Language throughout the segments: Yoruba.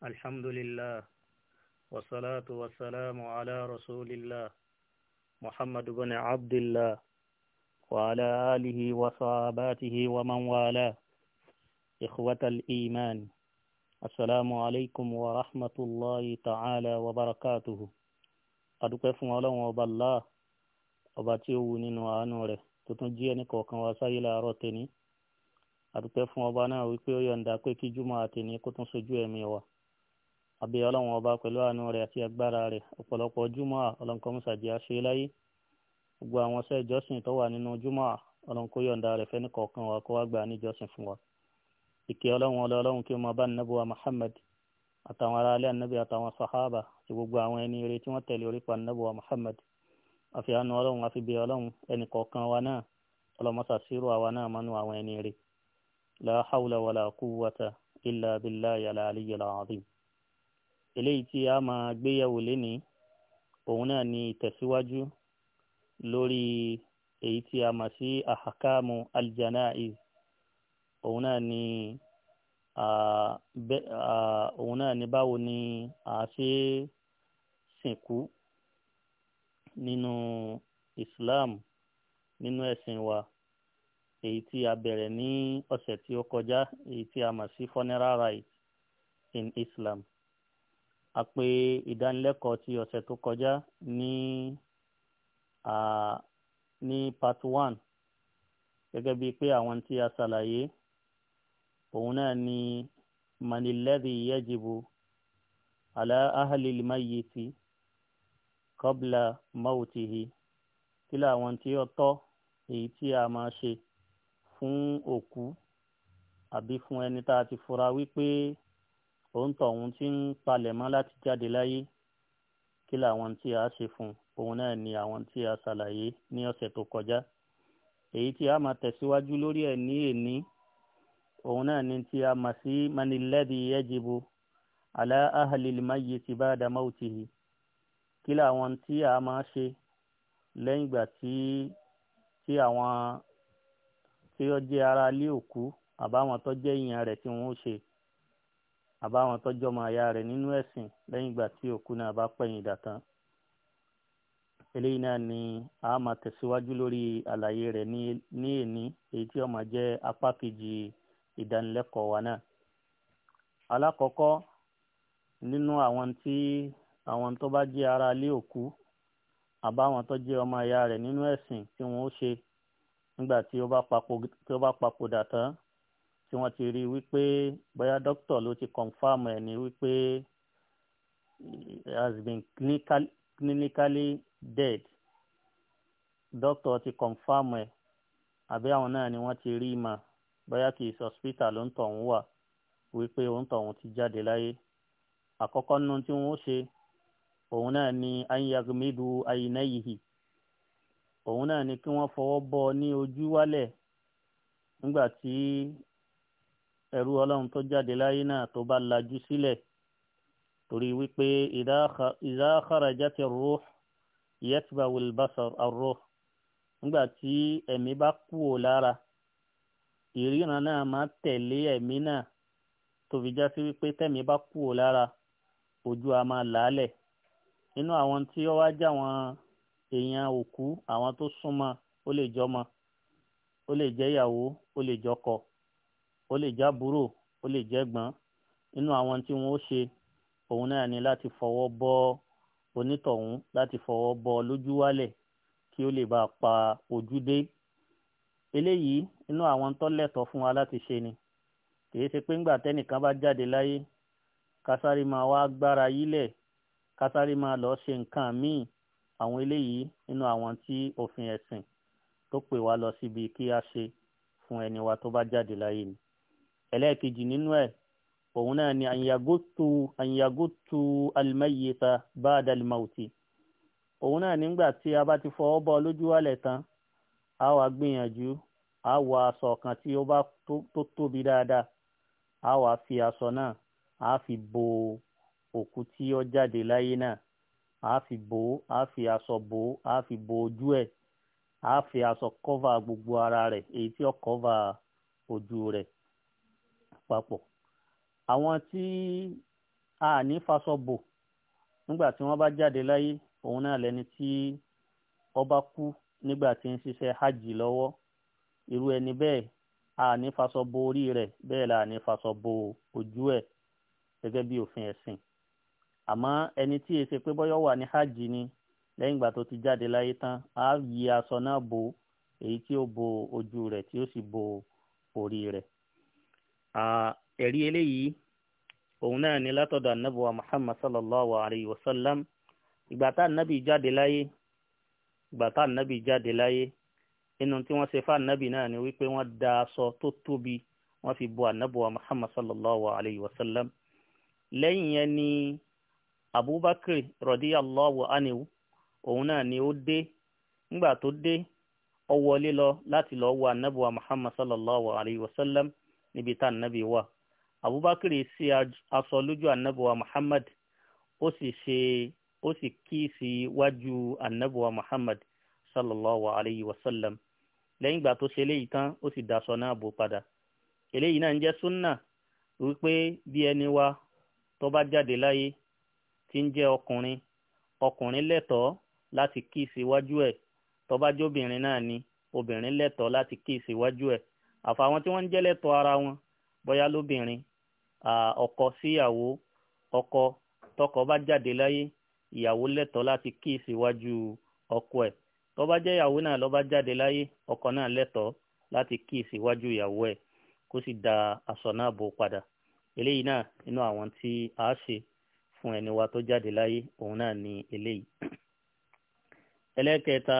الحمد لله والصلاة والسلام على رسول الله محمد بن عبد الله وعلى آله وصحاباته ومن والاه إخوة الإيمان السلام عليكم ورحمة الله تعالى وبركاته أدوكي فون الله وبالله أباتي ونين وانوره تتنجي أني كوكا وسائل أروتني أدوكي فون الله ويكيو ينداكي كي جمعة تني كتن سجوه ميوه àbí ọlọ́run ọba pẹ̀lú àánú rẹ̀ àti agbára rẹ̀ ọ̀pọ̀lọpọ̀ júmọ́ ọlọ́nkọ́mùsàdì àṣeyọláyé gbogbo àwọn ṣẹ́ ìjọsìn tó wà nínú júmọ́ ọlọ́nkóyọ̀ǹda rẹ̀ fẹ́ni kọ̀ọ̀kan wa kó wá gbà níjọsìn fún wa. ìkẹ́ ọlọ́run ọlọ́run kí ó máa bá nàbí wa Muhammad àtàwọn ará alẹ́ ànábì àtàwọn sàhábà àti gbogbo àwọn ẹni eré tí wọ́n tẹ̀lé orí pa nàbí wa Muhammad àfi al azim eléyìí tí a máa gbéyẹ̀wò lénìí òun náà ni ìtẹ̀síwájú lórí èyí tí a mọ̀ sí àhàkámu aljanaiz òun náà ni òun náà ni báwo ni a ṣe sìnkú nínú islam nínú ẹ̀sìn wa èyí tí a bẹ̀rẹ̀ ní ọ̀sẹ̀ tí ó kọjá èyí tí a mọ̀ sí funeral rites in islam a pé ìdánilẹ́kọ̀ọ́ ti ọ̀sẹ̀ tó kọjá ní ní part one gẹ́gẹ́ bíi pé àwọn tí a ṣàlàyé òun náà ni manilẹ́dì yẹ́jìbù alá ahàlìlì máyìtì kọ́bla máwùtìhì kí làwọn tí ó tọ́ èyí tí a máa ṣe fún òkú àbí fún ẹni tá a ti fura wípé òun tọ̀ òun ti ń palẹ̀mọ́ láti jáde láyé kí làwọn tí a ṣe fún òun náà ni àwọn tí a ṣàlàyé ní ọ̀sẹ̀ tó kọjá èyí tí a máa tẹ̀síwájú lórí ẹ̀ ní èní òun náà ni tí a mà sí manilẹ́dì yajibu ala ahlil mayyiti ba'da mawtihi kí làwọn tí a máa ṣe lẹ́yìn ìgbà tí tí àwọn tí ó jẹ́ ara ilé òkú àbáwọn tó jẹ́ ìyàn rẹ̀ tí wọ́n ṣe àbáwọn tọ́jọ́ ọmọ àyà rẹ̀ nínú ẹ̀sìn lẹ́yìn ìgbà tí òkú náà bá pẹ̀yìn dà tán. eléyìí náà ni a máa tẹ̀síwájú lórí àlàyé rẹ̀ ní èní èyí tí ó máa jẹ́ apá kejì ìdánilẹ́kọ̀ọ́ wa náà. alákọ̀ọ́kọ́ nínú àwọn tí àwọn tó bá jẹ́ ara ilé òkú àbáwọn tó jẹ́ ọmọ àyà rẹ̀ nínú ẹ̀sìn tí wọ́n ó ṣe nígbà tí ó bá papòdà tán tí wọ́n ti rí wípé bóyá dókítà ló ti confam ẹ̀ ní wípé has been clinically dead dókítà ti confam ẹ̀ àbí àwọn náà ni wọ́n ti rí mà bóyá kì í hospital ló ń tọ̀hún wà wípé òun tọ̀hún ti jáde láyé àkọ́kọ́ nínú tí wọ́n ṣe òun náà ni ayagmidu ayinayihi òun náà ni kí wọ́n fọwọ́ bọ́ ní ojú wálẹ̀ nígbà tí ẹrú ọlọ́run tó jáde láyé náà tó bá lajú sílẹ̀ torí wípé idha kharajati ruh yatba'u al-basar ar-ruh nígbà tí ẹ̀mí bá kú ò lára ìríran náà máa tẹ̀lé ẹ̀mí náà tó fi já sí wípé tẹ̀mí bá kú ò lára ojú a máa làálẹ̀ nínú àwọn tí ó wá já wọn èèyàn òkú àwọn tó súnmọ́ ó lè jọmọ ó lè jẹ́ ìyàwó ó lè jọkọ ó lè jábúrò ó lè jẹ́gbọ́n nínú àwọn tí wọ́n ó ṣe òun náà ni láti fọwọ́ bọ́ onítọ̀hún láti fọwọ́ bọ́ lójú wálẹ̀ kí ó lè bá a pa ojú dé eléyìí nínú àwọn tó lẹ́tọ̀ọ́ fún wa láti ṣe ni kìí ṣe pé ńgbà tẹ́nìkan bá jáde láyé kásárì máa wá gbára yílẹ̀ kásárì máa lọ ṣe nǹkan míì àwọn eléyìí nínú àwọn tí òfin ẹ̀sìn tó pè wá lọ síbi kí a ṣe fún ẹni wa tó bá jáde láyé ni ẹlẹ́ẹ̀kejì nínú ẹ̀ òun náà ni àyàgótú àyàgótú alimẹ́yẹta bá dalimauti òun náà nígbà tí a bá ti fọwọ́ bọ́ lójú wálẹ̀ tán a wá gbìyànjú a wọ aṣọ kan tí ó bá tó tóbi dáadáa a wá fi aṣọ náà a fi bo òkú tí ó jáde láyé náà a fi bò a fi aṣọ bò a fi bo ojú ẹ̀ a fi aṣọ kọ́va gbogbo ara rẹ̀ èyí tí ó kọ́va ojú rẹ̀ papọ̀ àwọn tí a ní faṣọ bò nígbà tí wọ́n bá jáde láyé òun náà lẹni tí ọba kú nígbà tí ń ṣiṣẹ́ hajj lọ́wọ́ irú ẹni bẹ́ẹ̀ a ní faṣọ bo orí rẹ̀ bẹ́ẹ̀ la ní faṣọ bo ojú ẹ̀ gẹ́gẹ́ bí òfin ẹ̀sìn àmọ́ ẹni tí èsè pé bọ́yọ̀ wà ní hajj ni lẹ́yìn ìgbà tó ti jáde láyé tán á yí aṣọ náà bo èyí tí ó bo ojú rẹ̀ tí ó sì bo orí rẹ̀ ẹ̀rí eléyìí òun náà ni látọ̀dọ̀ anábùwà muhammad sallallahu alayhi wa sallam ìgbà tá anábì jáde láyé ìgbà tá anábì jáde láyé inú tí wọ́n ṣe fún anábì náà ni wípé wọ́n da aṣọ tó tóbi wọ́n fi bo anábùwà muhammad sallallahu alayhi wa sallam lẹ́yìn yẹn ni abubakar radiyallahu anhu òun náà ni ó dé nígbà tó dé ó lọ láti lọ wo anábùwà muhammad sallallahu alayhi wa sallam níbi tá ànábì wà abubakar sí aṣọ lójú ànábì muhammad ó sì ṣe ó sì kíìsì wájú ànábì muhammad sallallahu alayhi wa sallam lẹ́yìn ìgbà tó ṣe eléyìí tán ó sì daṣọ náà bò padà eléyìí náà ń jẹ́ súnà wípé bí ẹni wa tó bá jáde láyé tí ń jẹ́ ọkùnrin ọkùnrin lẹ́tọ̀ọ́ láti kíìsì wájú ẹ̀ tó bá jóbìnrin náà ni obìnrin lẹ́tọ̀ọ́ láti kíìsì wájú ẹ̀ àfàwọn tí wọ́n ń jẹ́lẹ̀ tọ ara wọn bóyá lóbìnrin ọkọ síyàwó ọkọ tọkọ bá jáde láyé ìyàwó lẹ́tọ̀ọ́ láti kí ìsíwájú ọkọ ẹ̀ tó bá jẹ́ ìyàwó náà ló bá jáde láyé ọkọ náà lẹ́tọ̀ọ́ láti kí ìsíwájú ìyàwó ẹ̀ kó sì da aṣọ náà bò padà eléyìí náà nínú àwọn tí a ṣe fún ẹni wa tó jáde láyé òun náà ni eléyìí ẹlẹ́kẹta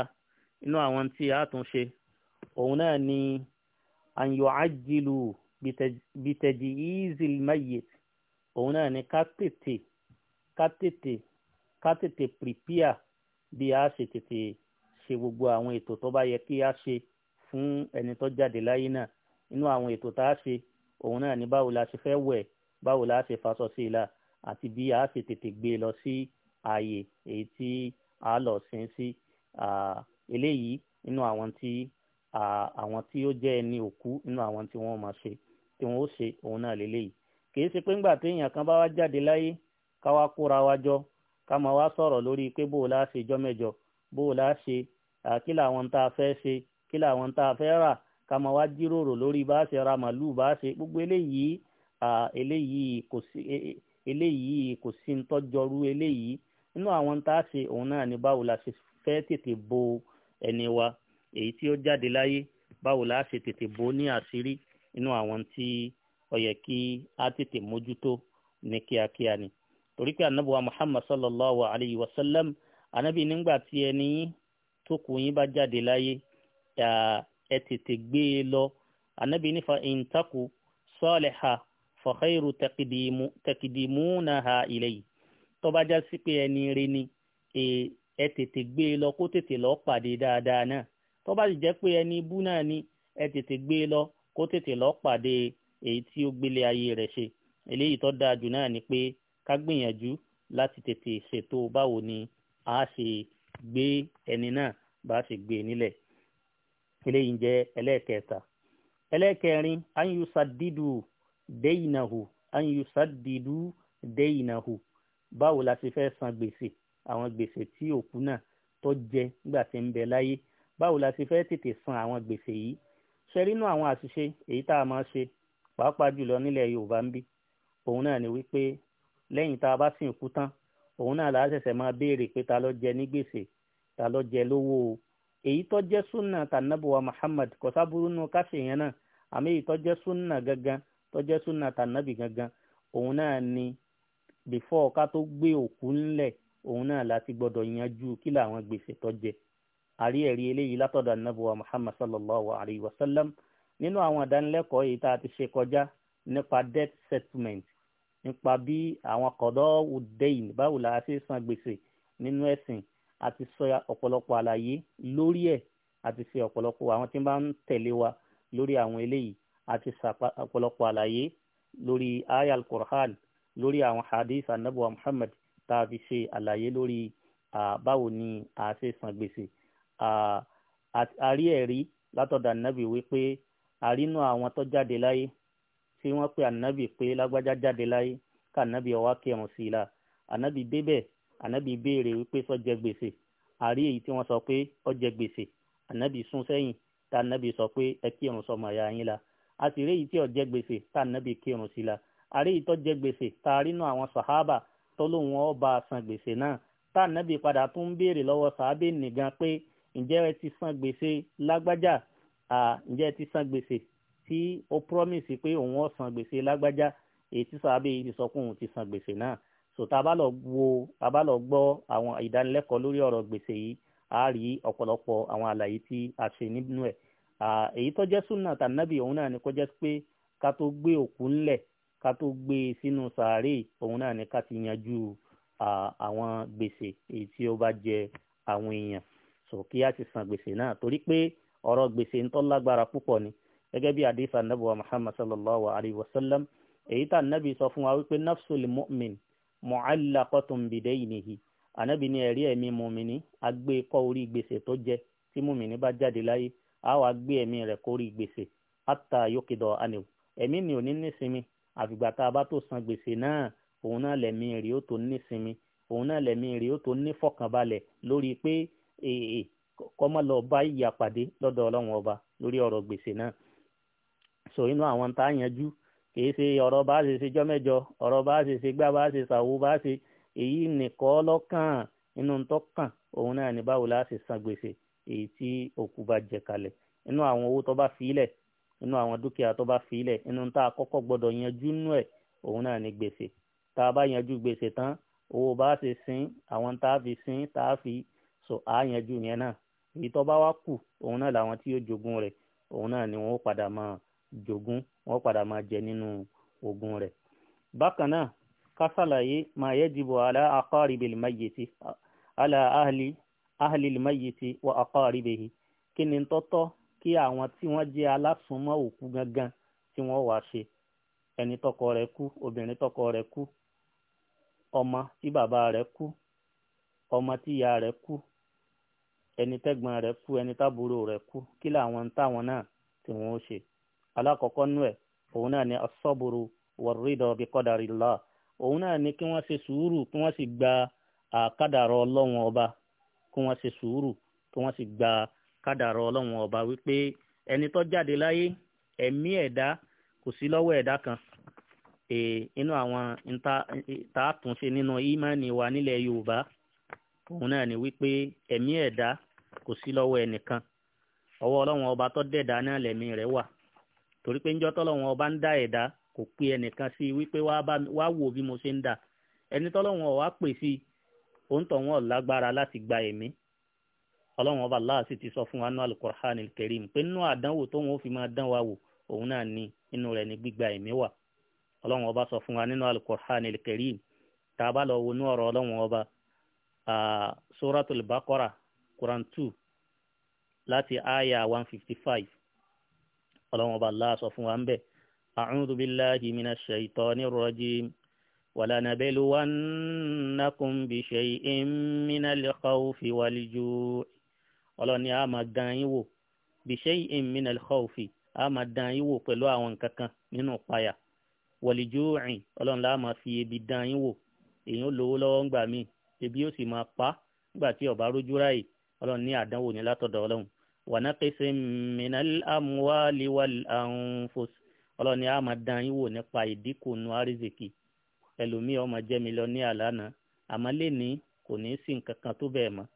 nínú àwọn tí a tún ṣe òun náà ni an yu'ajjilu bitajiyizil mayyit òun náà ni ká tètè ká tètè ká tètè prepare bí a ṣe tètè ṣe gbogbo àwọn ètò tó bá yẹ kí a ṣe fún ẹni tó jáde láyé náà inú àwọn ètò tá a ṣe òun náà ni báwo la ṣe fẹ́ wẹ̀ báwo la ṣe faṣọ sí i la àti bí a ṣe tètè gbé e lọ sí ààyè èyí tí a lọ sin sí eléyìí nínú àwọn tí àwọn tí ó jẹ́ ẹni òkú nínú àwọn tí wọ́n máa ṣe tí wọ́n ó ṣe òun náà lélẹ́yìí kì í ṣe pé ńgbà téèyàn kan bá wá jáde láyé ká wá kóra wá jọ ká máa wá sọ̀rọ̀ lórí pé bó o lá ṣe jọ́ mẹ́jọ bó o lá ṣe kí làwọn tá a fẹ́ ṣe kí làwọn tá a fẹ́ rà ká máa wá jíròrò lórí bá a ṣe ra màlúù bá a ṣe gbogbo eléyìí eléyìí kò sí e, e, eléyìí kò sí ń tọ́jọ́rú eléyìí nínú àwọn tá a ṣe òun náà ni báwo la ṣe fẹ́ tètè bo ẹni wa èyí tí ó jáde láyé báwo la ṣe tètè bò ní àṣírí inú àwọn tí ó yẹ kí a tètè mójútó ní kíákíá ni torí pé anabuwa muhammad sallallahu alayhi wa sallam anabi nígbà tí ẹni tó kù yín bá jáde láyé ẹ tètè gbé e lọ anabi nífa ìntakù sọ́ọ̀lẹ̀ha fọ̀xẹ́rù tẹkìdìmúnaha ilayhi tó bá já sí pé ẹni rí ni ẹ tètè gbé e lọ kó tètè lọ́ọ́ pàdé dáadáa náà tó bá sì jẹ́ pé ẹni ibú náà ni ẹ tètè gbé e lọ kó tètè lọ pàdé èyí tí ó gbélé ayé rẹ̀ ṣe eléyìí tó dáa jù náà ni pé ká gbìyànjú láti tètè ṣètò báwo ni a ṣe gbé ẹni náà bá ṣe gbé e nílẹ̀ eléyìí jẹ́ ẹlẹ́ẹ̀kẹta ẹlẹ́ẹ̀kẹrin anyusaddidu deyinahu anyusaddidu deyinahu báwo la ṣe fẹ́ san gbèsè àwọn gbèsè tí òkú náà tó jẹ nígbà tí ń bẹ láyé báwo la ṣe fẹ́ tètè san àwọn gbèsè yìí ṣe rínú àwọn àṣìṣe èyí tá a máa ṣe pàápàá jùlọ nílẹ̀ yorùbá ń bí òun náà ni wípé lẹ́yìn tá a bá sìn kú tán òun náà làá ṣẹ̀ṣẹ̀ máa béèrè pé ta ló jẹ ní gbèsè ta ló jẹ lówó o èyí tó jẹ́ súnà tànàbùwà muhammad kọsáburú nu káṣí yẹn náà àmì èyí tó jẹ́ súnà gangan tó jẹ́ súnà tànàbì gangan òun náà ni bìfọ́ ká tó gbé òkú ńlẹ̀ òun náà láti gbọ́dọ̀ yanjú kí làwọn gbèsè tó jẹ àrí ẹ̀rí eléyìí látọ̀dọ̀ anábùwà muhammad sallallahu alayhi wa sallam nínú àwọn ìdánilẹ́kọ̀ọ́ yìí tá a ti ṣe kọjá nípa debt settlement nípa bí àwọn kọ̀dọ̀ udain báwo la ṣe san gbèsè nínú ẹ̀sìn àti sọ ọ̀pọ̀lọpọ̀ àlàyé lórí ẹ̀ àti ṣe ọ̀pọ̀lọpọ̀ àwọn tí bá ń tẹ̀lé wa lórí àwọn eléyìí àti ṣàpọ̀lọpọ̀ àlàyé lórí aya al lórí àwọn hadith anabuwa muhammad tá a fi ṣe àlàyé lórí báwo ni a ṣe san gbèsè àrí ẹ̀rí látọ̀dọ̀ ànábì wípé àrínú àwọn tó jáde láyé tí wọ́n pe ànábì pé lágbájá jáde láyé ká ànábì ọwá kírun sí i la ànábì débẹ̀ ànábì béèrè wípé sọ́jẹ́ gbèsè àrí èyí tí wọ́n sọ pé ọjẹ́ gbèsè ànábì sún sẹ́yìn tá ànábì sọ pé ẹ kírun sọmọ ẹ̀yà yín la àti rí èyí tí ọjẹ́ gbèsè tá ànábì kírun sí i la àrí èyí tó jẹ́ gbèsè tá àrínú àwọn sàhábà tó lóun ọba san gbèsè náà tá ànábì padà tún béèrè lọ́wọ́ sàábẹ̀ nìgan pé ǹjẹ́ ẹ ti san gbèsè lágbájá ǹjẹ́ ẹ ti san gbèsè tí ó promise pé òun ó san gbèsè lágbájá èyí tí sàbẹ̀ yìí sọ pé òun ti san gbèsè náà so tá a bá lọ wo a bá lọ gbọ́ àwọn ìdánilẹ́kọ̀ọ́ lórí ọ̀rọ̀ gbèsè yìí a rí ọ̀pọ̀lọpọ̀ àwọn àlàyé tí a ṣe nínú ẹ̀ èyí tó jẹ́ súnà tànàbì òun náà ni kó jẹ́ pé ká tó gbé òkú ńlẹ̀ ká tó gbé e sínú sàárè òun náà ni ká ti yanjú àwọn gbèsè èyí tí ó bá jẹ àwọn èèyàn so kí a ti san gbèsè náà torí pé ọ̀rọ̀ gbèsè ń tọ́ lágbára púpọ̀ ni gẹ́gẹ́ bí adisa nabi wa muhammad sallallahu alayhi wa sallam èyí tá nabi sọ fún wa wípé nafsul mu'min mu'allaqatun bidaynihi anabi ni ẹ̀rí ẹ̀mí mùmìnì agbé e kọ́ orí gbèsè tó jẹ tí mùmìnì bá jáde láyé a wàá gbé ẹ̀mí rẹ̀ kórí gbèsè hatta yuqida anhu ẹ̀mí ni ò ní nísinmi àfìgbà tá a bá tó san gbèsè náà òun náà lẹ̀mí rí ó tó nísinmi òun náà lẹ̀mí rí ó tó nífọ̀kànbalẹ̀ lórí pé kọ́ mọ́ lọ bá ìyàpàdé lọ́dọ̀ ọlọ́run ọba lórí ọ̀rọ̀ gbèsè náà so inú àwọn tá a yanjú kìí ṣe ọ̀rọ̀ bá a ṣe ṣe jọ́ mẹ́jọ ọ̀rọ̀ bá a ṣe ṣe gbá bá a ṣe ṣàwo bá a ṣe èyí nìkọ́ lọ́kàn inú tó kàn òun náà ní báwo la ṣe san gbèsè èyí tí òkú bá jẹ kalẹ̀ inú àwọn owó tó bá filẹ̀ inú àwọn dúkìá tó bá filẹ̀ inú tá a kọ́kọ́ gbọ́dọ̀ yanjú nú ẹ̀ òun náà ní gbèsè tá a bá yanjú gbèsè tán owó bá ṣe sin àwọn tá a fi sin tá a fi so a yanjú yẹn náà èyí tó bá wá kù òun náà làwọn tí yóò jogún rẹ̀ òun náà ni wọ́n padà máa jogún wọ́n padà máa jẹ nínú ogún rẹ̀ bákan náà ká ṣàlàyé máa yajibu ala aqaribil mayyiti ala ahli ahli al mayyiti wa aqaribihi kí ni tọ́tọ́ kí àwọn tí wọ́n jẹ́ alásùnmọ́ òkú gangan tí wọ́n wá ṣe ẹni tọkọ rẹ̀ kú obìnrin tọkọ rẹ̀ kú ọmọ tí bàbá rẹ̀ kú ọmọ tí ìyá rẹ̀ kú ẹni tẹ́gbọ́n rẹ̀ kú ẹni tábúrò rẹ̀ kú kí làwọn táwọn náà tí wọ́n ṣe alákọ̀ọ́kọ́ nú ẹ̀ òun náà ni asọ́bùrù wọ̀rọ̀rìdọ̀ bí kọ́dàrí lọ òun náà ni kí wọ́n ṣe sùúrù kí wọ́n sì gba àkádàrọ̀ ọlọ́run ọba kí wọ́n ṣe sùúrù kí wọ́n sì gba kádàrọ̀ ọlọ́run ọba wípé ẹni tó jáde láyé ẹ̀mí ẹ̀dá kò sí lọ́wọ́ ẹ̀dá kan inú àwọn tààtúnṣe nínú ìmánì wa nílẹ̀ Yorùbá òun náà ni wípé ẹ̀mí ẹ̀dá kò sí lọ́wọ́ ẹnìkan ọwọ́ ọlọ́run ọba tó dẹ̀dá náà lẹ̀mí rẹ̀ wà torí pé ńjọ́ tọ́lọ́run ọba ń dá ẹ̀dá kò pé ẹnìkan sí i wípé wá wò bí mo ṣe ń dà ẹni tọ́lọ́run ọ̀wá pè sí i òun tọ̀ wọ́n lágbára láti gba ẹ̀mí ọlọ́run ọba Allah sì ti sọ fún wa nínú alukur'an kẹrim pé nínú àdánwò tó wọn fi máa dán wa wò òun náà ní inú rẹ̀ ní gbígba ẹ̀mí wà ọlọ́run ọba sọ fún wa nínú alukur'an kẹrim tá a bá lọ wo inú ọ̀rọ̀ ọlọ́run ọba suratul baqara quran 2، láti aya 155. fifty five ọlọ́run ọba allah sọ fún wa ń bẹ̀ a'udhu billahi minash shaitanir rajim walanabẹ́lúwánnákùn bishay'in minal khawfi wal ju' ọlọ́ni a máa dán yín wò bishay'in minal khawfi a máa dán yín wò pẹ̀lú àwọn nǹkan kan nínú ìpayà wal ju'in ọlọ́ni a máa fi ebi dán yín wò èyí ó lówó lọ́wọ́ ńgbà míì ebi ó sì máa pa nígbà tí ọba rójú ráyè ọlọ́run ní àdánwò ní látọ̀dọ̀ ọlọ́run wa naqsim minal amwali wal anfus ọlọ́run ní a máa dán yín wò nípa ìdínkù nu àrísìkì ẹlòmíì ọmọ jẹ́ mílíọ̀nìyà lánàá àmọ́ lẹ́ni kò ní sí nǹkan kan tó bẹ́ẹ̀ mọ́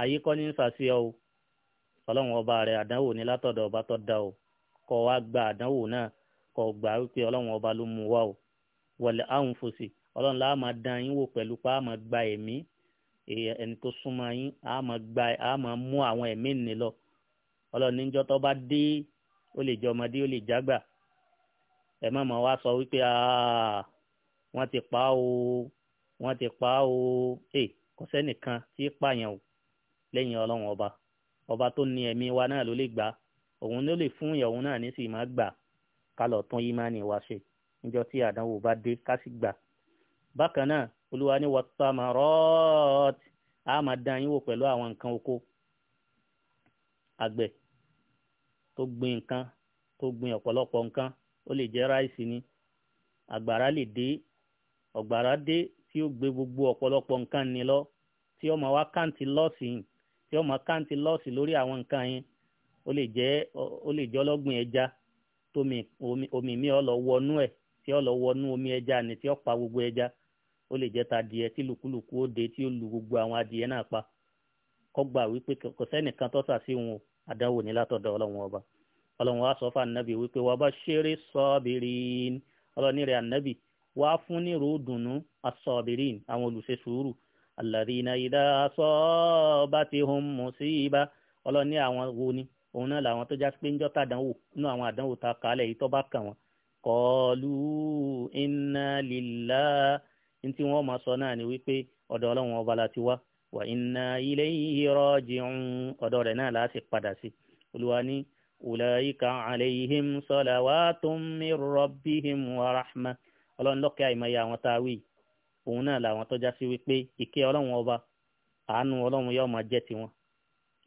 ayé kọ́ ní sàṣeyọ o ọlọ́run ọba rẹ̀ àdánwò ní látọ̀dọ̀ ọba tó dá o kọ́ wa gba àdánwò náà kọ́ gbà wípé ọlọ́run ọba ló mú wa o wal anfusi ọlọ́run láà máa dán yín wò pẹ̀lú pa á gba ẹ̀mí ẹni tó súnmọ́ yín á máa gba á máa mú àwọn ẹ̀mí nì lọ ọlọ́ọ̀ni níjọ́ tó bá dé ó lè jẹ́ ọmọdé ó lè jágbà ẹ má máa wá sọ wípé wọ́n ti pa á o wọ́n ti pa á o ẹ kò sẹ́nìkan tí í pààyàn o lẹ́yìn ọlọ́run ọba ọba tó ní ẹ̀mí wa náà ló lè gbà òun ló lè fún ìyàwó náà ní sì má gbà ká tún yìí má ní wa ṣe níjọ́ tí àdánwò bá dé ká sì gbà bákan náà olúwa ní wàtàmárọ́t a máa dán yín wò pẹ̀lú àwọn nǹkan oko àgbẹ̀ tó gbin nǹkan tó gbin ọ̀pọ̀lọpọ̀ nǹkan ó lè jẹ́ ráìsì ni àgbàrá lè dé ọ̀gbàrá dé tí ó gbé gbogbo ọ̀pọ̀lọpọ̀ nǹkan ni lọ tí ó máa wá káǹtì lọ́ọ̀sì yìí tí ó máa káǹtì lọ́ọ̀sì lórí àwọn nǹkan yẹn ó lè jẹ́ ó lè jẹ́ ọlọ́gbìn ẹja tómi omi mi ó lọ wọnú ẹ̀ tí ó lọ wọnú omi ẹja ni tí ó pa gbogbo ẹja ó lè jẹ́ ta adìẹ tí lùkúlùkú ó de tí ó lu gbogbo àwọn adìẹ náà pa kọ́gbà wípé kò sẹ́nìkan tọ́sà sí wọn àdáwò ní látọ̀dọ̀ ọlọ́run ọba ọlọ́run wa sọ fún anabi wípé wàá bá ṣeré sọ́ọ̀bìrín ọlọ́ni rẹ̀ anabi wàá fún ní ròódùnú asọ́ọ̀bìrín àwọn olùṣe sùúrù alladhina idha asabatihum musiba ọlọ́ni àwọn wo ni òun náà làwọn tó já pé ń jọ́ta àdánwò nínú àwọn àdánwò ta kálẹ̀ yìí tó bá kàn wọ́n qalu inna lillahi ntí wọ́n máa sọ náà ni wípé ọ̀dọ̀ ọlọ́run ọba la ti wá wa inna ilayhi raji'un ọ̀dọ̀ rẹ̀ náà láti padà sí olúwa ní ulaika alayhim salawatun min rabbihim wa rahma ọlọ́run lọ́kẹ́ àìmọye àwọn tá a wí òun náà làwọn tó já sí wípé ìkẹ́ ọlọ́run ọba àánú ọlọ́run yóò máa jẹ́ tiwọn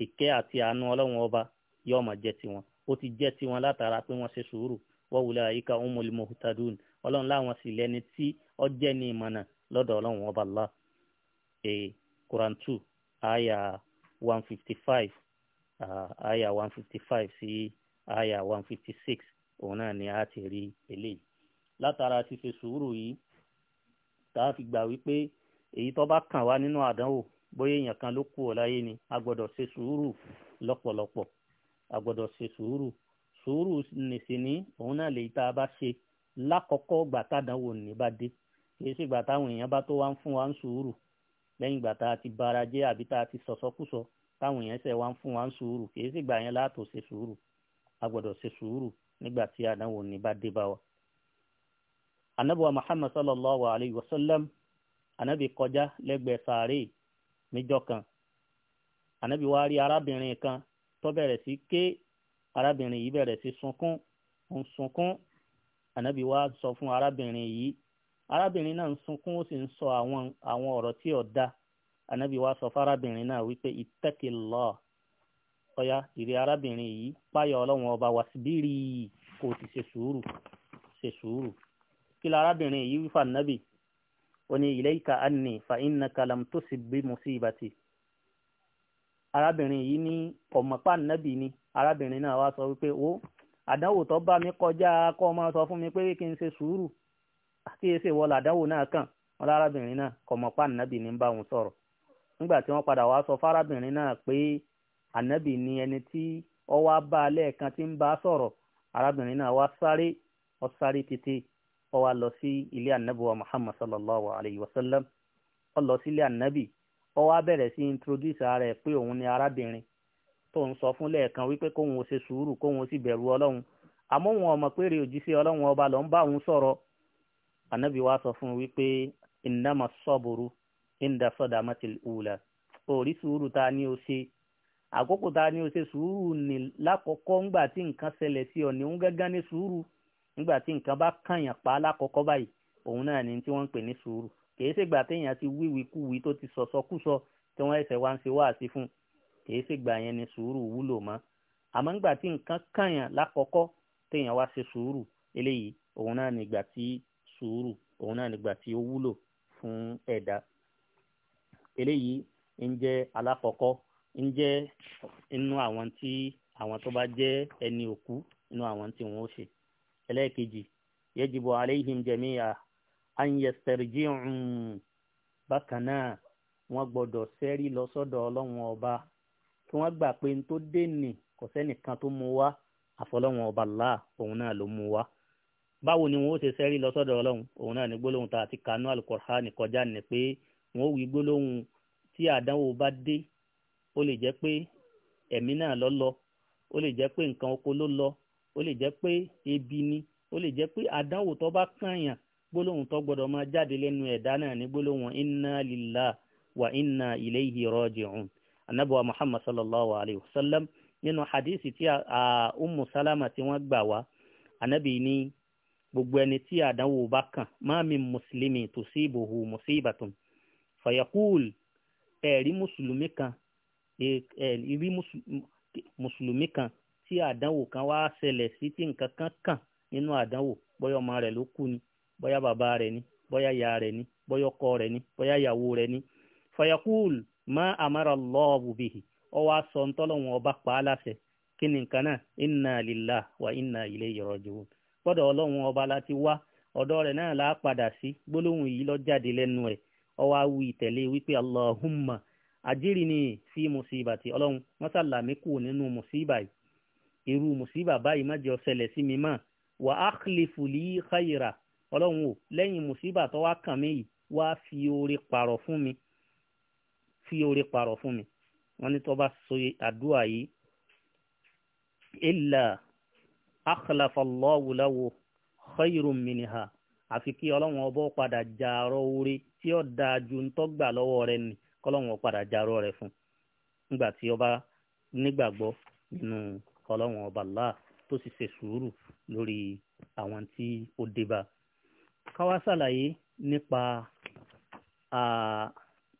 ìkẹ́ àti àánú ọlọ́run ọba yóò máa jẹ́ tiwọn ó ti jẹ́ tiwọn látara pé wọ́n ṣe sùúrù wa ulaika umul ọlọ́run láwọn sì lẹ́ni tí ọjẹ́ ní ìmọ̀nà lọ́dọ̀ ọlọ́run ọba Allah e Quran two aya one fifty five aya one fifty five sí aya one fifty six òun náà ni a ti rí eléyìí látara ti ṣe sùúrù yìí tá a fi gbà wípé èyí tó bá kàn wá nínú àdánwò bóyá èèyàn kan ló kú ọ láyé ni a gbọ́dọ̀ ṣe sùúrù lọ́pọ̀lọpọ̀ a gbọ́dọ̀ ṣe sùúrù sùúrù nìsín ní òun náà lèyí tá a bá ṣe lákọ̀ọ́kọ́ gbà tádánwò ní bá dé kì í ṣègbà táwọn èèyàn bá tó wá ń fún wa ń sùúrù lẹ́yìn ìgbà tá a ti bara jẹ́ àbí tá a ti sọ̀sọ́kùsọ táwọn èèyàn ṣe wá ń fún wa ń sùúrù kì í ṣègbà yẹn láàtò ṣe sùúrù a gbọ́dọ̀ ṣe sùúrù nígbà tí àdánwò ní bá dé bá wa. anabuwa muhammad sallallahu alayhi wa sallam anabi kọjá lẹ́gbẹ̀ẹ́ sàárè níjọ́ kan anabi wa rí arábìnrin kan tó bẹ̀rẹ̀ sí ké arábìnrin yìí bẹ̀rẹ̀ sí sunkún sunkún anabi wa sọ fún arábìnrin yìí arábìnrin náà ń sunkún ó sì ń sọ àwọn àwọn ọ̀rọ̀ tí ò da anabi wa sọ fárábìnrin náà wípé ìtẹ́kìlọ́ ọ̀ya ìrì arábìnrin yìí páyọ̀ ọlọ́run ọba wá síbírì kò ti ṣe sùúrù ṣe sùúrù kí la arábìnrin yìí wífà nábì ó ní ilayka anni fa innaka lam tusib bi musibati arábìnrin yìí ní ọ̀mọ̀pá nábì ni arábìnrin náà wá sọ wípé ó àdánwò tó bá mi kọjá kọ́ máa sọ fún mi pé kí n ṣe sùúrù kíyèsí ìwọ làdáwò náà kàn wọn lárábìnrin náà kọmọpá ànábì ní bá òun sọ̀rọ̀ nígbà tí wọ́n padà wá sọ fárábìnrin náà pé ànábì ni ẹni tí ó wá bá a lẹ́ẹ̀kan tí ń bá a sọ̀rọ̀ arábìnrin náà wá sáré ó sáré títí ó wá lọ sí ilé ànábì wa muhammad sallallahu alayhi wa sallam ó lọ sí ilé ànábì ó wá bẹ̀rẹ̀ sí introduce ara ẹ̀ pé òun ni arábìnrin tó ń sọ fún lẹ́ẹ̀kan wípé kóun ó ṣe sùúrù kóun ó sì bẹ̀rù ọlọ́run àmọ́ òun ọmọ péré òjíṣẹ́ ọlọ́run ọba ló ń bá òun sọ̀rọ̀ anabi wa sọ fún wípé ìnáma sọ́bùrú ìndà sọ́dà mọ́tìlì ùlà orí sùúrù ta ni o ṣe àkókò ta ni o ṣe sùúrù ní lákọ̀ọ́kọ́ ńgbà tí nǹkan ṣẹlẹ̀ sí ọ ní òun gángan ní sùúrù nígbà tí nǹkan bá kàyàn pa lákọ̀ọ́kọ́ báyìí òun náà ni tí wọ́n ń pè ní sùúrù kì í ṣègbà téèyàn ti wíwíkúwí tó ti sọ̀sọ́kúsọ tí wọ́n ẹsẹ̀ wá ń ṣe wáàsí fún kì í ṣègbà yẹn ni sùúrù wúlò mọ́ àmọ́ ńgbà tí nǹkan kàyàn lákọ̀ọ́kọ́ téèyàn wá ṣe sùúrù eléyìí òun náà nígbà tí sùúrù òun náà nígbà tí ó wúlò fún ẹ̀dá eléyìí ń jẹ́ alákọ̀ọ́kọ́ ń jẹ́ inú àwọn tí àwọn tó bá jẹ́ ẹni òkú inú àwọn tí wọ́n ó ṣe ẹlẹ́ẹ̀kejì yajibu alayhim jami'a an yastarji'u bákan náà wọ́n gbọ́dọ̀ sẹ́rí lọ sọ́dọ̀ ọlọ́run ọba kí wọ́n gbà pé n tó dé nì kò sẹ́nìkan tó mú wá àfọlọ́run báwo ni wọn ó ṣe sẹ́rí lọ sọ́dọ̀ ọlọ́run òun náà ní gbólóhùn tá a ti kanú Al-Qur'ani kọjá ní pé wọn ó wí gbólóhùn tí àdánwò bá dé ó lè jẹ́ pé ẹ̀mí náà lọ lọ ó lè jẹ́ pé nǹkan oko ló lọ ó lè jẹ́ pé ebi ni ó lè jẹ́ pé àdánwò tó bá kànyàn gbólóhùn tó gbọdọ̀ máa jáde lẹ́nu ẹ̀dá náà ní gbólóhùn inna lillahi wa inna ilayhi raji'un anabuwa Muhammad sallallahu anabi ní. gbogbo ẹni tí àdánwò bá kàn má mi mùsùlùmí tusibuhu musibatun ẹ̀rí mùsùlùmí kan ẹ̀rí mùsùlùmí kan tí àdánwò kan wá ṣẹlẹ̀ sí tí nǹkan kan kàn nínú àdánwò bóyá ọmọ rẹ̀ ló kú ni bóyá bàbá rẹ̀ ni bóyá ìyá rẹ̀ ni bóyá ọkọ rẹ̀ ni bóyá ìyàwó rẹ̀ ni ma amara Allahu bihi ọ wá sọ ntọ́lọ́wọ́n ọba pàálàṣẹ kí ni wa gbọ́dọ̀ ọlọ́run ọba la ti wá ọ̀dọ̀ rẹ̀ náà la padà sí gbólóhùn yìí lọ jáde lẹ́nu rẹ̀ ọwọ́ awi ìtẹ̀lé wípé allahumma àjírí ni fi mùsíbà tí ọlọ́run wọ́n sàlàmì kù nínú mùsíbà yìí irú mùsíbà báyìí má jẹ́ ó ṣẹlẹ̀ sí mi mọ́ wa akhlifu li khayra ọlọ́run o lẹ́yìn mùsíbà tó wá kàn mí yìí wá fi oore pààrọ̀ fún mi fi oore pààrọ̀ fún mi wọ́n ní tó bá so àdúrà yìí akhlafa Allahu lahu khayrun minha àfi kí ọlọ́run ọbọ̀ padà jaarọ orí tí ó dáa ju ntọ́gbà lọ́wọ́ rẹ ni kọ́lọ́run padà jaarọ rẹ fún nígbà tí ó bá nígbàgbọ́ nínú ọlọ́run ọba Allah tó sì ṣe sùúrù lórí àwọn tí ó débà. káwá ṣàlàyé nípa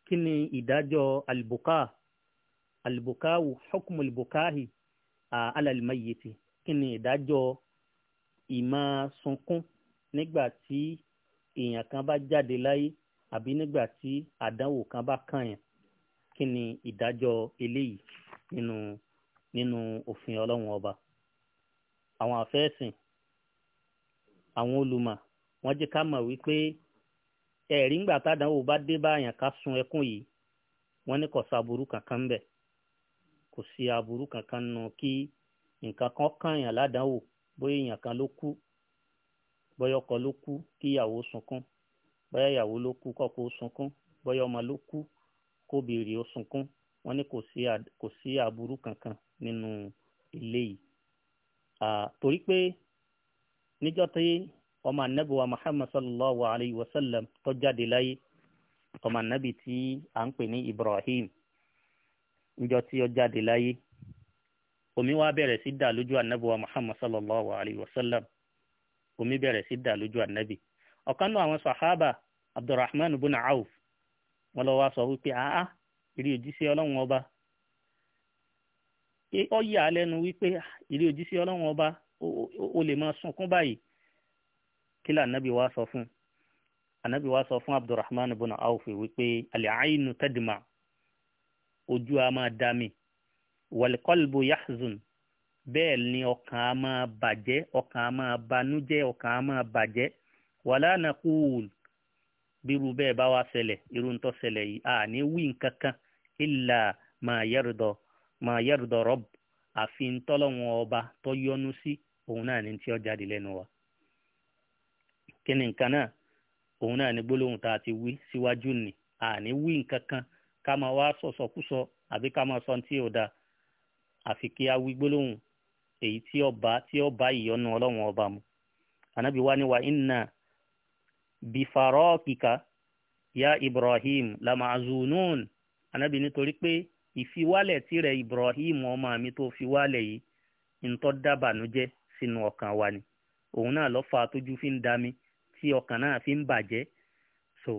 kí ni ìdájọ́ albuka albukawu hukmu albukahi alalimayeti kí ni ìdájọ́ ìmáa sunkún nígbà tí èèyàn kan bá jáde láyé àbí nígbà tí àdánwò kan bá kàyàn kí ni ìdájọ́ eléyìí nínú nínú òfin ọlọ́run ọba àwọn àfẹ́sìn àwọn olùmọ̀ wọ́n jẹ́ ká mọ̀ wípé ẹ̀rí ńgbà tádánwò bá dé báyàn ká sun ẹkún yìí wọ́n ní kò sí aburú kankan ń kò sí aburú kankan nù kí nǹkan kan kàyàn ládàáwò bóyá èèyàn kan ló kú bóyá ọkọ ló kú kíyàwó sunkún bóyá ìyàwó ló kú kọ́kọ́ ó sunkún bóyá ọmọ ló kú kóbìrì ó sunkún wọ́n ní kò sí aburú kankan nínú eléyìí torí pé níjọ́ tí ọmọ anabi wa muhammad sallallahu alayhi wa sallam tó jáde láyé ọmọ anabi tí a ń pè ní ibrahim níjọ́ tí ó jáde láyé omi wá bẹ̀rẹ̀ sí dà lójú ànábì wa muhammad sallallahu alayhi wa sallam omi bẹ̀rẹ̀ sí dà lójú ànábì ọ̀kan náà àwọn sàhábà abdulrahman ibn auf wọn lọ wá sọ wípé àá ìrí òjíṣẹ́ ọlọ́run ọba ó yà á lẹ́nu wípé ah, ìrí òjíṣẹ́ ọlọ́run ọba ó lè máa sunkún báyìí kí lè ànábì wá sọ fún ànábì wá sọ fún abdulrahman ibn auf wípé al-aynu tadma ojú a máa dá mi wàlíkọ́lùbù yahzun bẹ́ẹ̀ ni ọkàn á máa bàjẹ́ ọkàn á máa banújẹ́ ọkàn á máa bàjẹ́ wàlá nàkúùl bírú bẹ́ẹ̀ bá wá ṣẹlẹ̀ irú ń tọ́ ṣẹlẹ̀ yìí à ní wí nǹkan kan ìlà máa yẹrùdọ̀ máa yẹrùdọ̀ rọ́b àfi ń tọ́lọ́wọ́n ọba tó yọ́nú sí òun náà ní tí ó jáde lẹ́nu wa. kí nǹkan náà òun náà ní gbólóhùn tá a ti wí síwájú ni à ní wí nǹkan ká máa wá sọ̀sọ̀kúsọ àbí ká máa sọ ní tí ò dáa àfi kí a wí gbólóhùn èyí tí ọba tí ọba ìyọnu ọlọ́run ọba mu anabi wa ni wa inna bifarọ́ọ̀kìkà ya ibrahim lamazunun anabi nítorí pé ìfiwálẹ̀ tirẹ̀ ibrahim ọmọ mi tó fiwálẹ̀ yìí ntọ́ dábànújẹ́ sínú ọkàn wa ni òun náà lọ́ fa tójú fi ń dami tí ọkàn náà fi ń bàjẹ́ so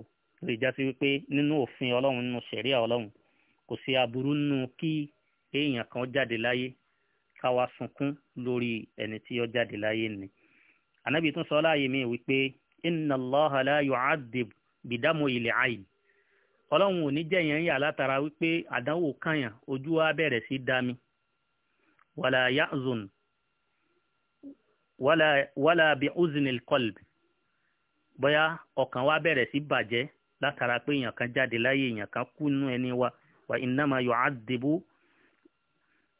lè já sí wípé nínú òfin ọlọ́run nínú ṣẹ̀ríà ọlọ́run kò sí aburú nínú kí èèyàn kan jáde láyé káwa sunkún lórí ẹni tí ó jáde láyé ni anabi tún sọ láàyè mi wípé inna allaha la yu'adhib bidamu il ayn ọlọ́run ò ní jẹ̀yàn yà látara wípé àdánwò kàyàn ojú wa bẹ̀rẹ̀ sí dami wàlà ya'zun wàlà wàlà bi uznil bóyá ọkàn wa bẹ̀rẹ̀ sí bàjẹ́ látara pé èèyàn kan jáde láyé èèyàn kan kú nínú ẹni wa wa innama yu'adhibu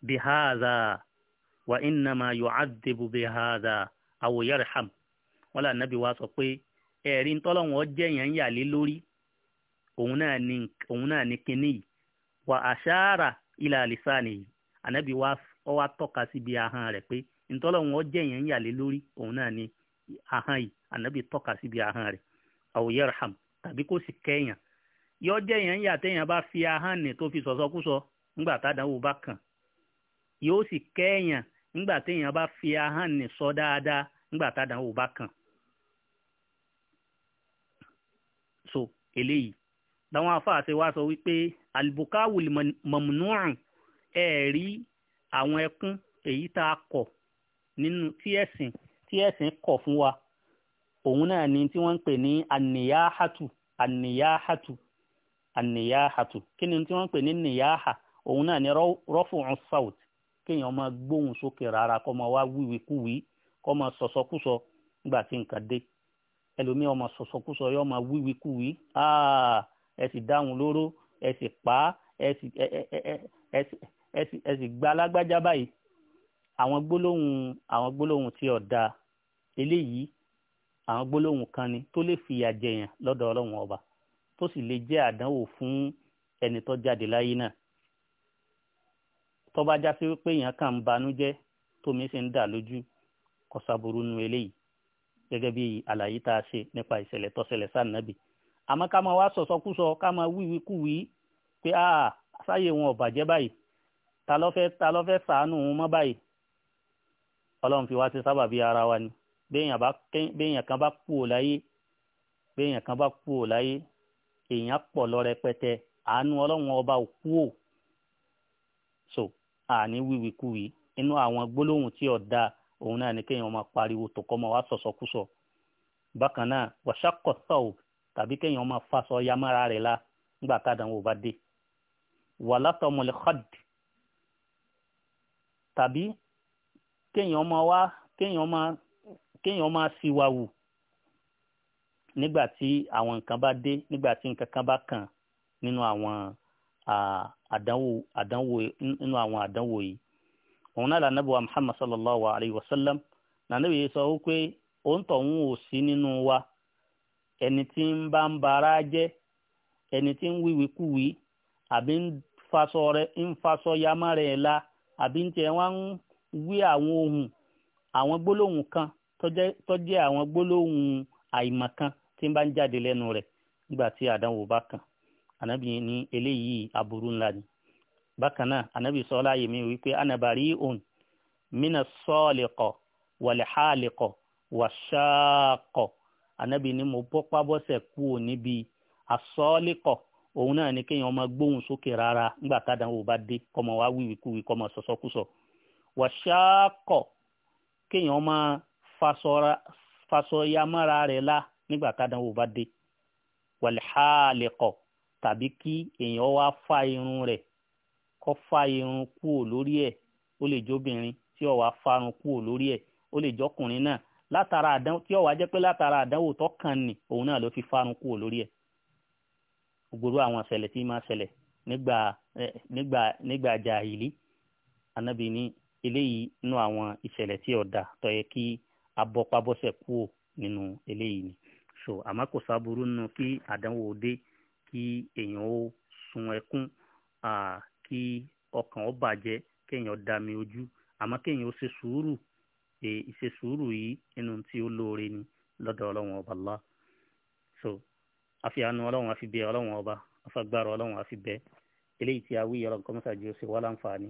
بهذا وإنما يعذب بهذا أو يرحم ولا النبي واسطي ẹ̀rín tọ́lọ́wọ́n jẹ́ yẹn ń yà lé lórí òun náà ni òun náà ni kinní yìí wà àṣàrà ilà àlìsàn yìí ànábì wa ọ wa tọ́ka síbi ahọ́n rẹ̀ pé ntọ́lọ́wọ́n jẹ́ yẹn ń yà lé lórí òun náà ni ahọ́n yìí ànábì tọ́ka síbi ahọ́n rẹ̀ aw yarham tàbí kò sì kẹ́yàn yọ jẹ́ yẹn yà téèyàn bá fi ahọ́n nì tó fi sọ̀sọ́kúsọ nígbà tádàwọ̀ bá kàn yóò sì kẹ́yàn nígbà téèyàn bá fi ahọ́n ní sọ dáadáa nígbà tádàn ò bá kàn. so eléyìí làwọn afáàṣẹ wa sọ wípé alibukawu mọ̀mùnúrùn ẹ̀rí àwọn ẹkún èyí tá a kọ̀ nínú tí ẹ̀sìn tí ẹ̀sìn kọ̀ fún wa òun náà ni tí wọ́n ń pè ní Aniyahatu Aniyahatu Aniyahatu kí ni tí wọ́n ń pè ní níyáhà òun náà ni rọ́fùn saut kéèyàn máa gbóhùn sókè rárá kó máa wá wíwíkúwí kó máa sọ̀sọ́kúsọ nígbà tí nǹkan dé ẹlòmíì ọmọ sọ̀sọ́kúsọ yóò máa wíwíkúwí ẹ sì dáhùn lóró ẹ sì pa ẹ sì gba alágbájá báyìí àwọn gbólóhùn àwọn gbólóhùn tí ò dáa eléyìí àwọn gbólóhùn kan ni tó lè fìyà jẹyàn lọ́dọ̀ ọlọ́run ọba tó sì lè jẹ́ àdánwò fún ẹni tó jáde láyé náà tó bá já sí wípé èèyàn kàn ń banújẹ́ tómi sì ń dà lójú kò sábúrú nu eléyìí gẹ́gẹ́ bí àlàyé tá a ṣe nípa ìṣẹ̀lẹ̀ tó ṣẹlẹ̀ sáà nàbì àmọ́ ká máa wá sọ̀sọ́kúsọ ká máa wíwí kúwí pé a sáyé wọn ò bàjẹ́ báyìí ta ló ta ló sàánù wọn mọ́ báyìí ọlọ́run fi wá sí sábàbí ara wa ni béèyàn kan bá kú ò láyé béèyàn kan bá kú ò láyé èèyàn pọ̀ lọ rẹpẹtẹ àánú ọlọ́run ọba ò kú ò so àní wíwíkúwí inú àwọn gbólóhùn tí ó da òun náà ni kéèyàn máa pariwo tó kọ́ mọ́ wá sọ̀sọ́kúsọ bákan náà wàṣàkọ̀ sọ̀ọ̀ tàbí kéèyàn máa faṣọ yamára rẹ̀ la nígbà tádàwọ̀ bá dé wàlátọ̀mọ̀lẹ̀ khad tàbí kéèyàn máa wá kéèyàn máa kéèyàn máa ṣìwàwù nígbà tí àwọn nǹkan bá dé nígbà tí nǹkan kan bá kàn nínú àwọn àdánwò àdánwò nínú àwọn àdánwò yìí òun náà lànà bùwà muhammad sallallahu alayhi wa sallam lànà bìyẹn sọ wípé òun ò sí nínú wa ẹni tí ń bá ń bara jẹ́ ẹni tí ń wíwí kúwí àbí ń fasọ rẹ ń fasọ yamá rẹ la àbí ń tiẹ̀ wá ń wí àwọn ohun àwọn gbólóhùn kan tó àwọn gbólóhùn kan tí ń bá ń jáde nígbà tí àdánwò anabi ní eléyìí aburú ńlá ni bákan náà anabi sọ láàyè mi wípé anabari on mina sọ́ọ̀lẹ̀kọ̀ wàlẹ̀hálẹ̀kọ̀ wàṣáàkọ̀ anabi ní mo bọ́ pábọ́sẹ̀ kúrò níbi asọ́ọ̀lẹ̀kọ̀ òun náà ni kéèyàn máa gbóhùn sókè rárá nígbà tádàn wò bá dé kọmọ wá wíwíkúwí kọmọ sọsọkúsọ wàṣáàkọ̀ kéèyàn máa fasọyamọ́ra rẹ̀ la nígbà tádàn wò bá dé wàlẹ̀hálẹ̀kọ̀ tàbí kí èèyàn wá fa irun rẹ̀ kọ́ fa irun kúò lórí ẹ̀ ó lè jóbìnrin tí ó wá farun kúò lórí ẹ̀ ó lè jọkùnrin náà látara àdánwò tí ó wá jẹ́ pé látara àdánwò tó kàn ní òun náà ló fi farun kúò lórí ẹ̀ gbogbo àwọn ìṣẹ̀lẹ̀ tí máa ṣẹlẹ̀ nígbà nígbà nígbà jàhílì anábì ní eléyìí nínú àwọn ìṣẹ̀lẹ̀ tí ọ̀dà tó yẹ kí abọ́pábọ́sẹ̀ kúò nínú eléyìí ni so àmọ́ kò sábúrú nínú kí àdánwò dé kí èèyàn ó sun ẹkún kí ọkàn ó bàjẹ́ kéèyàn dami ojú àmọ́ kéèyàn ó ṣe sùúrù e, ìṣe sùúrù yìí nínú tí ó lóore ni lọ́dọ̀ ọlọ́run ọba Allah so àfi àánú ọlọ́run àfi bẹ ọlọ́run ọba afagbára ọlọ́run àfi bẹ eléyìí tí a wí ọlọ́run kọ́mọ́sá jù ṣe wá láǹfààní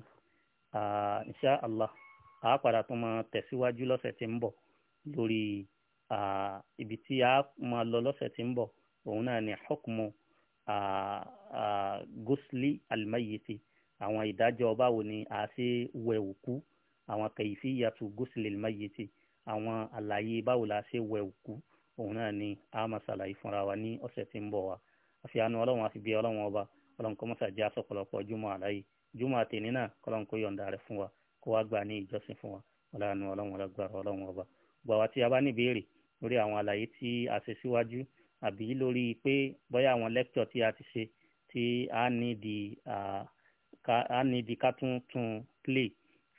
insha Allah a padà tún máa tẹ̀síwájú lọ́sẹ̀ tí ń bọ̀ lórí ibi tí a máa lọ lọ́sẹ̀ tí ń bọ̀ òun náà ni hukmu gosli almayiti àwọn ìdájọ́ báwo ni a ṣe wẹ òkú àwọn kẹ̀yìfìyàtú gosli almayiti àwọn àlàyé báwo la ṣe wẹ òkú òun náà ni a máa ṣàlàyé fúnra wa ní ọ̀sẹ̀ tí ń bọ̀ wá àfi àánú ọlọ́run àfi bí ọlọ́run ọba ọlọ́run kọ́ mọ́sàájì asọ̀pọ̀lọpọ̀ júmọ́ àlàyé júmọ́ àtẹ̀ní náà kọ́lọ́run kó yọ̀ǹda rẹ̀ fún wa kó wá gbà ní ìjọsìn fún wa ọlọ́run ọlọ́run ọlọ́gbàrọ̀ ọlọ́run ọba gbàwá tí a bá ní ìbéèrè lórí àwọn àlàyé tí a ṣe síwájú àbí lórí pé bóyá àwọn lecture tí a ti ṣe tí a ní di a ní di ká tún play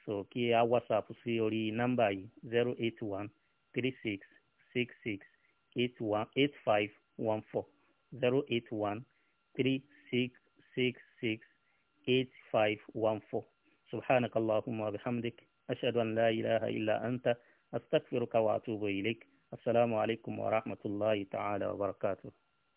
so kí a whatsapp sí orí nọ́mbà yìí zero eight one three six six six eight one eight five one four zero eight one three six six six eight five one four subhanakallahumma wa bihamdik ashhadu an la ilaha illa anta astaghfiruka wa atubu ilayk. السلام عليكم ورحمة الله تعالى وبركاته